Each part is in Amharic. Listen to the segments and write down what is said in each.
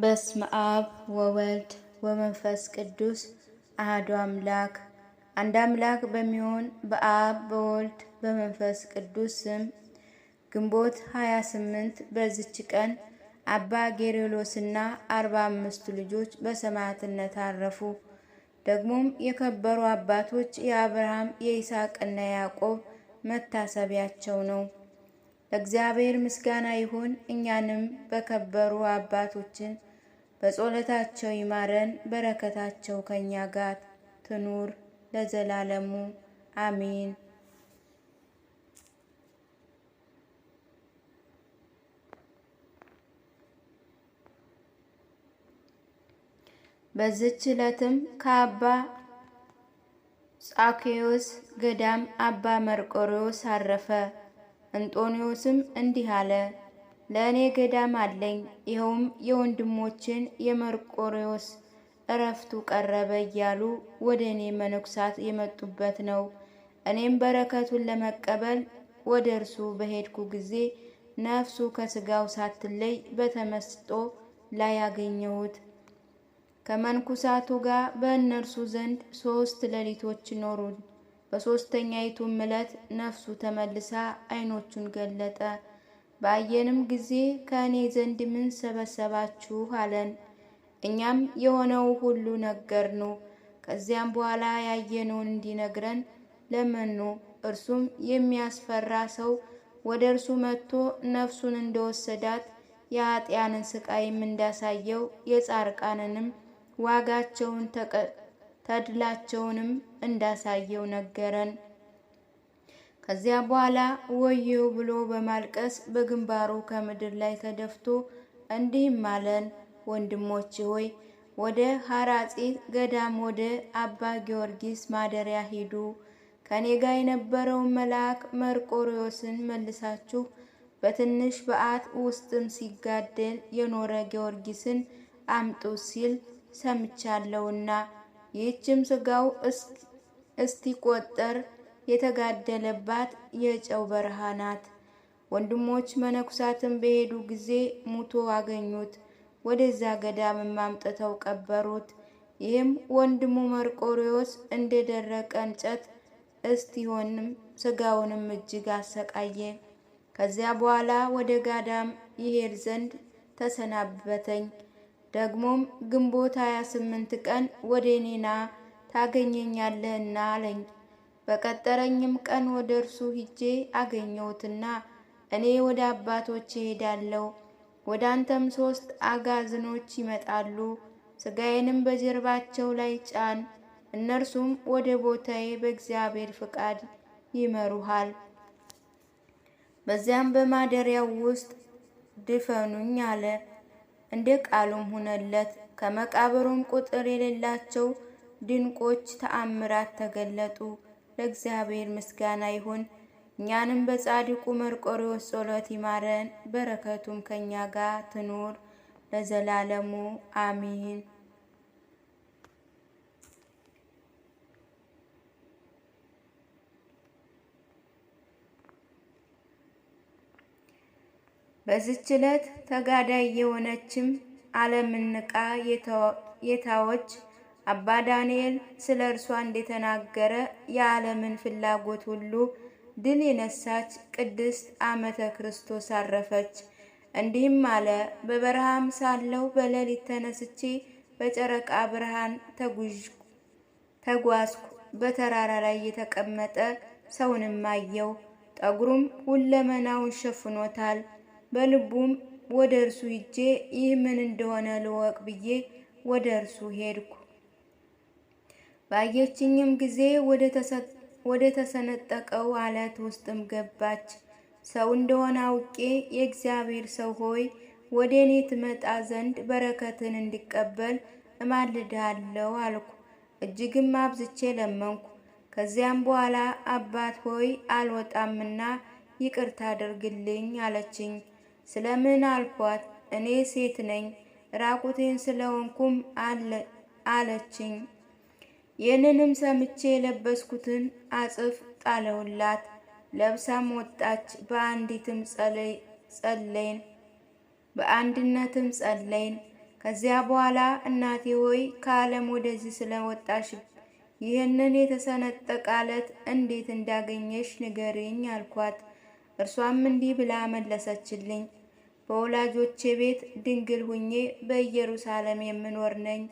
በስመ አብ ወወልድ ወመንፈስ ቅዱስ አህዱ አምላክ አንድ አምላክ በሚሆን በአብ በወልድ በመንፈስ ቅዱስ ስም ግንቦት 28 በዚች ቀን አባ ጌሬሎስና አርባ አምስቱ ልጆች በሰማዕትነት አረፉ። ደግሞም የከበሩ አባቶች የአብርሃም የይስሐቅና ያዕቆብ መታሰቢያቸው ነው። ለእግዚአብሔር ምስጋና ይሁን። እኛንም በከበሩ አባቶችን በጸሎታቸው ይማረን። በረከታቸው ከእኛ ጋር ትኑር ለዘላለሙ አሚን። በዝች ዕለትም ከአባ ጻኬዎስ ገዳም አባ መርቆሪዎስ አረፈ። እንጦኒዎስም እንዲህ አለ፣ ለእኔ ገዳም አለኝ፣ ይኸውም የወንድሞችን የመርቆሪዎስ እረፍቱ ቀረበ እያሉ ወደ እኔ መነኩሳት የመጡበት ነው። እኔም በረከቱን ለመቀበል ወደ እርሱ በሄድኩ ጊዜ ነፍሱ ከስጋው ሳትለይ በተመስጦ ላይ ያገኘሁት። ከመንኩሳቱ ጋር በእነርሱ ዘንድ ሶስት ሌሊቶች ኖሩን። በሦስተኛይቱም ዕለት ነፍሱ ተመልሳ ዓይኖቹን ገለጠ። ባየንም ጊዜ ከእኔ ዘንድ ምን ሰበሰባችሁ አለን። እኛም የሆነው ሁሉ ነገርኑ። ከዚያም በኋላ ያየነውን እንዲነግረን ለመኑ። እርሱም የሚያስፈራ ሰው ወደ እርሱ መጥቶ ነፍሱን እንደወሰዳት የኃጢያንን ስቃይም እንዳሳየው የጻርቃንንም ዋጋቸውን ተቀ። ተድላቸውንም እንዳሳየው ነገረን። ከዚያ በኋላ ወየው ብሎ በማልቀስ በግንባሩ ከምድር ላይ ተደፍቶ እንዲህም አለን፣ ወንድሞቼ ሆይ ወደ ሐራጺ ገዳም ወደ አባ ጊዮርጊስ ማደሪያ ሂዱ። ከኔ ጋር የነበረውን መልአክ መርቆሪዎስን መልሳችሁ በትንሽ በዓት ውስጥም ሲጋደል የኖረ ጊዮርጊስን አምጡ ሲል ሰምቻለሁና ይህችም ስጋው እስቲቆጠር የተጋደለባት የጨው በረሃ ናት። ወንድሞች መነኩሳትን በሄዱ ጊዜ ሙቶ አገኙት። ወደዛ ገዳምም አምጥተው ቀበሩት። ይህም ወንድሙ መርቆሪዎስ እንደደረቀ እንጨት እስቲሆንም ስጋውንም እጅግ አሰቃየ። ከዚያ በኋላ ወደ ጋዳም ይሄድ ዘንድ ተሰናበተኝ። ደግሞም ግንቦት 28 ቀን ወደ እኔና ታገኘኛለህና አለኝ። በቀጠረኝም ቀን ወደ እርሱ ሂጄ አገኘሁትና እኔ ወደ አባቶች እሄዳለሁ፣ ወደ አንተም ሶስት አጋዝኖች ይመጣሉ፣ ስጋዬንም በጀርባቸው ላይ ጫን፣ እነርሱም ወደ ቦታዬ በእግዚአብሔር ፍቃድ ይመሩሃል። በዚያም በማደሪያው ውስጥ ድፈኑኝ አለ። እንደ ቃሉም ሆነለት። ከመቃብሩም ቁጥር የሌላቸው ድንቆች ተአምራት ተገለጡ። ለእግዚአብሔር ምስጋና ይሁን። እኛንም በጻድቁ መርቆሪዎስ ጸሎት ይማረን፣ በረከቱም ከእኛ ጋር ትኑር ለዘላለሙ አሚን። በዚች ዕለት ተጋዳይ የሆነችም ዓለምን ንቃ የታወች አባ ዳንኤል ስለ እርሷ እንደተናገረ የዓለምን ፍላጎት ሁሉ ድል የነሳች ቅድስት አመተ ክርስቶስ አረፈች። እንዲህም አለ። በበረሃም ሳለው በሌሊት ተነስቼ በጨረቃ ብርሃን ተጓዝኩ። በተራራ ላይ የተቀመጠ ሰውንም አየው። ጠጉሩም ሁለመናውን ሸፍኖታል። በልቡም ወደ እርሱ ይጄ ይህ ምን እንደሆነ ልወቅ ብዬ ወደ እርሱ ሄድኩ። ባየችኝም ጊዜ ወደ ተሰነጠቀው አለት ውስጥም ገባች። ሰው እንደሆነ አውቄ የእግዚአብሔር ሰው ሆይ ወደ እኔ ትመጣ ዘንድ በረከትን እንዲቀበል እማልድሃለሁ አልኩ። እጅግም አብዝቼ ለመንኩ። ከዚያም በኋላ አባት ሆይ አልወጣምና ይቅርታ አድርግልኝ አለችኝ። ስለምን አልኳት። እኔ ሴት ነኝ ራቁቴን ስለሆንኩም አለችኝ። ይህንንም ሰምቼ የለበስኩትን አጽፍ ጣለውላት። ለብሳም ወጣች። በአንዲትም ጸለይን በአንድነትም ጸለይን። ከዚያ በኋላ እናቴ ሆይ ከዓለም ወደዚህ ስለወጣሽ ይህንን የተሰነጠቀ አለት እንዴት እንዳገኘሽ ንገሪኝ አልኳት። እርሷም እንዲህ ብላ መለሰችልኝ፣ በወላጆቼ ቤት ድንግል ሁኜ በኢየሩሳሌም የምኖር ነኝ።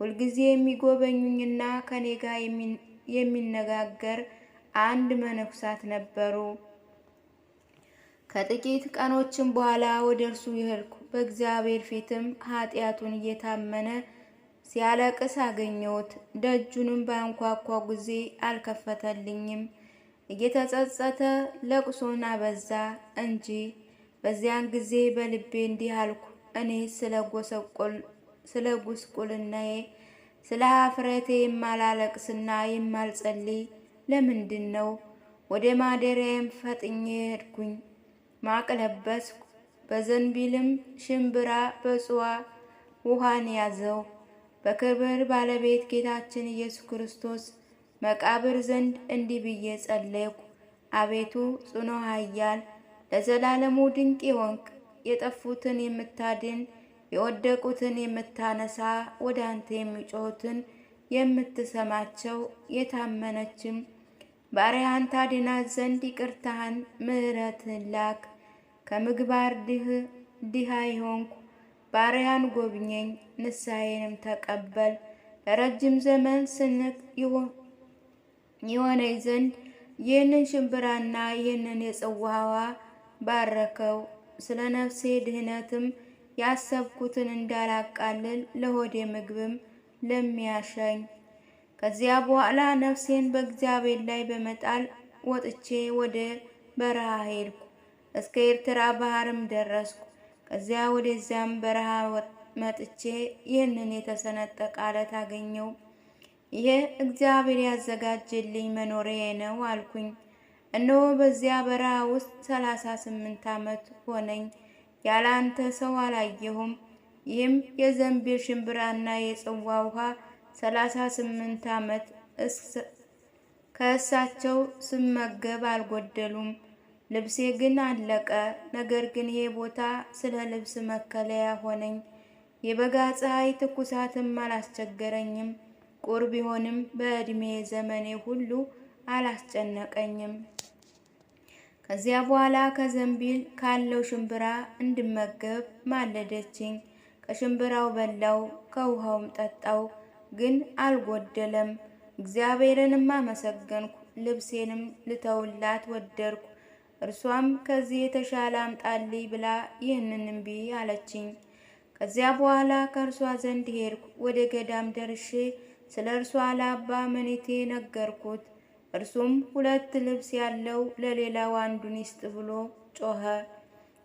ሁልጊዜ የሚጎበኙኝና ከኔ ጋር የሚነጋገር አንድ መነኩሳት ነበሩ። ከጥቂት ቀኖችም በኋላ ወደ እርሱ ይሄድኩ፣ በእግዚአብሔር ፊትም ኃጢአቱን እየታመነ ሲያለቅስ አገኘሁት። ደጁንም ባንኳኳ ጊዜ አልከፈተልኝም። እየተጸጸተ ለቅሶን አበዛ እንጂ። በዚያን ጊዜ በልቤ እንዲህ አልኩ፣ እኔ ስለ ጉስቁልናዬ ስለ ሀፍረቴ የማላለቅስና የማልጸልይ ለምንድን ነው? ወደ ማደሪያዬም ፈጥኜ ሄድኩኝ። ማቅ ለበስኩ፣ በዘንቢልም ሽምብራ በጽዋ ውሃን ያዘው። በክብር ባለቤት ጌታችን ኢየሱስ ክርስቶስ መቃብር ዘንድ እንዲህ ብዬ ጸለይኩ። አቤቱ ጽኖ ኃያል ለዘላለሙ ድንቅ የሆንክ የጠፉትን የምታድን የወደቁትን የምታነሳ ወደ አንተ የሚጮሁትን የምትሰማቸው የታመነችም ባሪያህን ታድናት ዘንድ ይቅርታህን ምሕረትህን ላክ። ከምግባር ድህ ድሃ የሆንኩ ባሪያን ጎብኘኝ፣ ንስሐዬንም ተቀበል። ለረጅም ዘመን ስንቅ የሆነኝ ዘንድ ይህንን ሽምብራና ይህንን የጽውሃዋ ባረከው። ስለ ነፍሴ ድህነትም ያሰብኩትን እንዳላቃልል ለሆዴ ምግብም ለሚያሸኝ ከዚያ በኋላ ነፍሴን በእግዚአብሔር ላይ በመጣል ወጥቼ ወደ በረሃ ሄድኩ። እስከ ኤርትራ ባህርም ደረስኩ። ከዚያ ወደዚያም በረሃ መጥቼ ይህንን የተሰነጠቀ አገኘው። ይሄ እግዚአብሔር ያዘጋጀልኝ መኖሪያ ነው አልኩኝ። እነሆ በዚያ በረሃ ውስጥ ሰላሳ ስምንት ዓመት ሆነኝ፣ ያለ አንተ ሰው አላየሁም። ይህም የዘንቢል ሽምብራና የጽዋ ውሃ ሰላሳ ስምንት ዓመት ከእሳቸው ስመገብ አልጎደሉም። ልብሴ ግን አለቀ። ነገር ግን ይሄ ቦታ ስለ ልብስ መከለያ ሆነኝ። የበጋ ፀሐይ ትኩሳትም አላስቸገረኝም። ቁር ቢሆንም በእድሜ ዘመኔ ሁሉ አላስጨነቀኝም። ከዚያ በኋላ ከዘንቢል ካለው ሽምብራ እንድመገብ ማለደችኝ። ከሽምብራው በላው፣ ከውሃውም ጠጣው፣ ግን አልጎደለም። እግዚአብሔርንም አመሰገንኩ። ልብሴንም ልተውላት ወደድኩ። እርሷም ከዚህ የተሻለ አምጣልኝ ብላ ይህንን እምቢ አለችኝ። ከዚያ በኋላ ከእርሷ ዘንድ ሄድኩ። ወደ ገዳም ደርሼ ስለ እርሷ ለአባ መኔቴ ነገርኩት። እርሱም ሁለት ልብስ ያለው ለሌላው አንዱን ይስጥ ብሎ ጮኸ።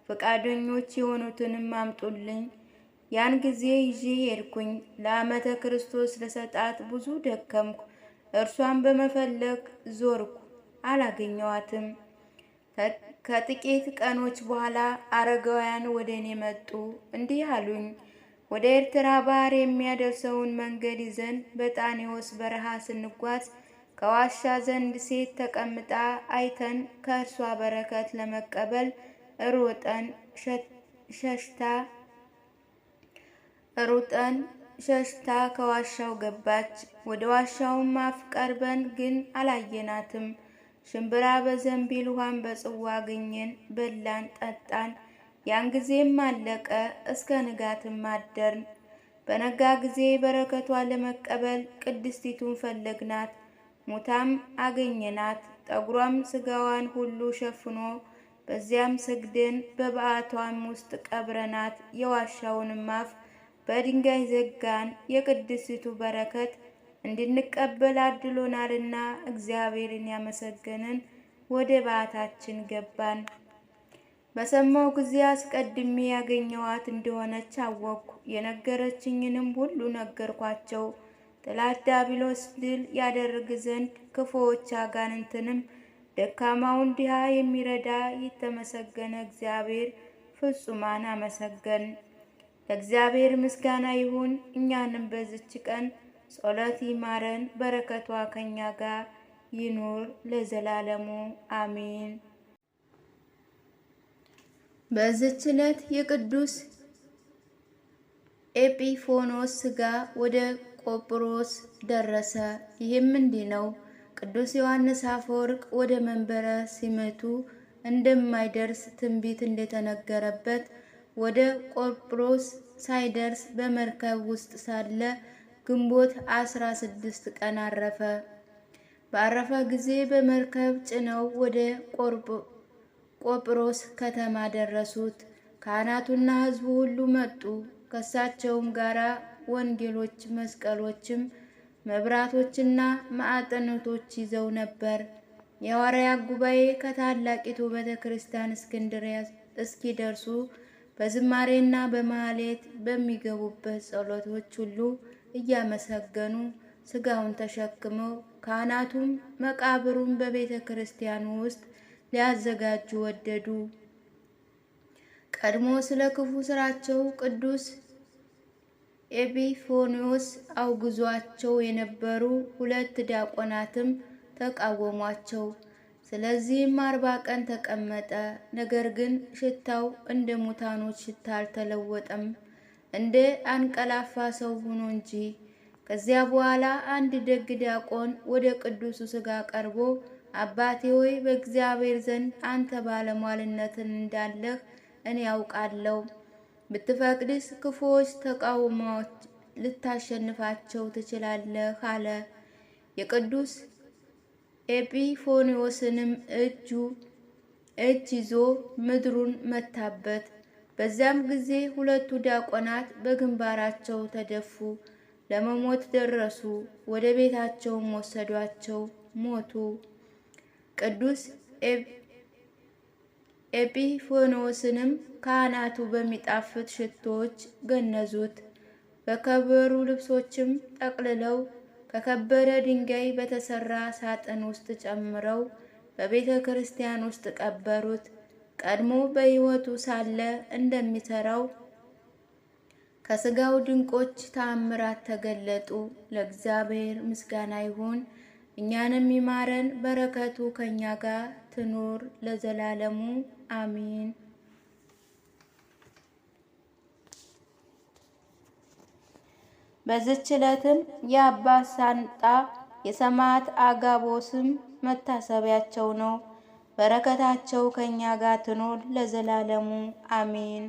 ፈቃደኞች የሆኑትንም አምጡልኝ። ያን ጊዜ ይዤ ሄድኩኝ። ለአመተ ክርስቶስ ለሰጣት ብዙ ደከምኩ። እርሷን በመፈለግ ዞርኩ፣ አላገኘዋትም። ከጥቂት ቀኖች በኋላ አረጋውያን ወደ እኔ መጡ፣ እንዲህ አሉኝ፦ ወደ ኤርትራ ባህር የሚያደርሰውን መንገድ ይዘን በጣኔዎስ በረሃ ስንጓዝ ከዋሻ ዘንድ ሴት ተቀምጣ አይተን ከእርሷ በረከት ለመቀበል ሩጠን ሸሽታ ሩጠን ሸሽታ ከዋሻው ገባች። ወደ ዋሻውም አፍ ቀርበን ግን አላየናትም። ሽምብራ በዘንቢል ውሃን በጽዋ አገኘን፣ በላን፣ ጠጣን። ያን ጊዜም አለቀ እስከ ንጋትም አደርን። በነጋ ጊዜ በረከቷ ለመቀበል ቅድስቲቱን ፈለግናት፣ ሙታም አገኘናት። ጠጉሯም ስጋዋን ሁሉ ሸፍኖ በዚያም ሰግደን በበዓቷም ውስጥ ቀብረናት። የዋሻውንም አፍ በድንጋይ ዘጋን። የቅድስቲቱ በረከት እንድንቀበል አድሎናልና እግዚአብሔርን ያመሰገንን ወደ በዓታችን ገባን። በሰማው ጊዜ አስቀድሜ ያገኘዋት እንደሆነች አወቅኩ። የነገረችኝንም ሁሉ ነገርኳቸው። ጠላት ዲያብሎስ ድል ያደርግ ዘንድ ክፉዎች አጋንንትንም ደካማውን ድሃ የሚረዳ የተመሰገነ እግዚአብሔር ፍጹማን አመሰገን። ለእግዚአብሔር ምስጋና ይሁን። እኛንም በዝች ቀን ጸሎት ይማረን፣ በረከቷ ከኛ ጋር ይኑር ለዘላለሙ አሜን። በዚች ዕለት የቅዱስ ኤጲፎኖስ ሥጋ ወደ ቆጵሮስ ደረሰ። ይህም እንዲህ ነው። ቅዱስ ዮሐንስ አፈወርቅ ወደ መንበረ ሲመቱ እንደማይደርስ ትንቢት እንደተነገረበት ወደ ቆጵሮስ ሳይደርስ በመርከብ ውስጥ ሳለ ግንቦት 16 ስድስት ቀን አረፈ። ባረፈ ጊዜ በመርከብ ጭነው ወደ ቆጵሮስ ከተማ ደረሱት። ካህናቱና ሕዝቡ ሁሉ መጡ። ከሳቸውም ጋራ ወንጌሎች፣ መስቀሎችም፣ መብራቶችና ማዕጠንቶች ይዘው ነበር። የሐዋርያት ጉባኤ ከታላቂቱ ቤተ ክርስቲያን እስክንድርያ እስኪደርሱ በዝማሬና በማህሌት በሚገቡበት ጸሎቶች ሁሉ እያመሰገኑ ስጋውን ተሸክመው ካህናቱም መቃብሩን በቤተ ክርስቲያኑ ውስጥ ሊያዘጋጁ ወደዱ። ቀድሞ ስለ ክፉ ስራቸው ቅዱስ ኤጲፋንዮስ አውግዟቸው የነበሩ ሁለት ዲያቆናትም ተቃወሟቸው። ስለዚህም አርባ ቀን ተቀመጠ። ነገር ግን ሽታው እንደ ሙታኖች ሽታ አልተለወጠም፣ እንደ አንቀላፋ ሰው ሆኖ እንጂ። ከዚያ በኋላ አንድ ደግ ዲያቆን ወደ ቅዱሱ ሥጋ ቀርቦ አባቴ ሆይ በእግዚአብሔር ዘንድ አንተ ባለሟልነትን እንዳለህ እኔ ያውቃለሁ። ብትፈቅድስ ክፉዎች ተቃውሞዎች ልታሸንፋቸው ትችላለህ አለ። የቅዱስ ኤጲፎኒዎስንም እጁ እጅ ይዞ ምድሩን መታበት። በዚያም ጊዜ ሁለቱ ዲያቆናት በግንባራቸው ተደፉ፣ ለመሞት ደረሱ። ወደ ቤታቸውም ወሰዷቸው፣ ሞቱ። ቅዱስ ኤፒፎኖስንም ካህናቱ በሚጣፍጥ ሽቶዎች ገነዙት። በከበሩ ልብሶችም ጠቅልለው ከከበረ ድንጋይ በተሰራ ሳጥን ውስጥ ጨምረው በቤተ ክርስቲያን ውስጥ ቀበሩት። ቀድሞ በሕይወቱ ሳለ እንደሚሰራው ከስጋው ድንቆች ተአምራት ተገለጡ። ለእግዚአብሔር ምስጋና ይሁን። እኛንም ይማረን፣ በረከቱ ከእኛ ጋር ትኑር ለዘላለሙ አሚን። በዝች ዕለትም የአባ ሳንጣ የሰማዕት አጋቦስም መታሰቢያቸው ነው። በረከታቸው ከእኛ ጋር ትኖር ለዘላለሙ አሚን።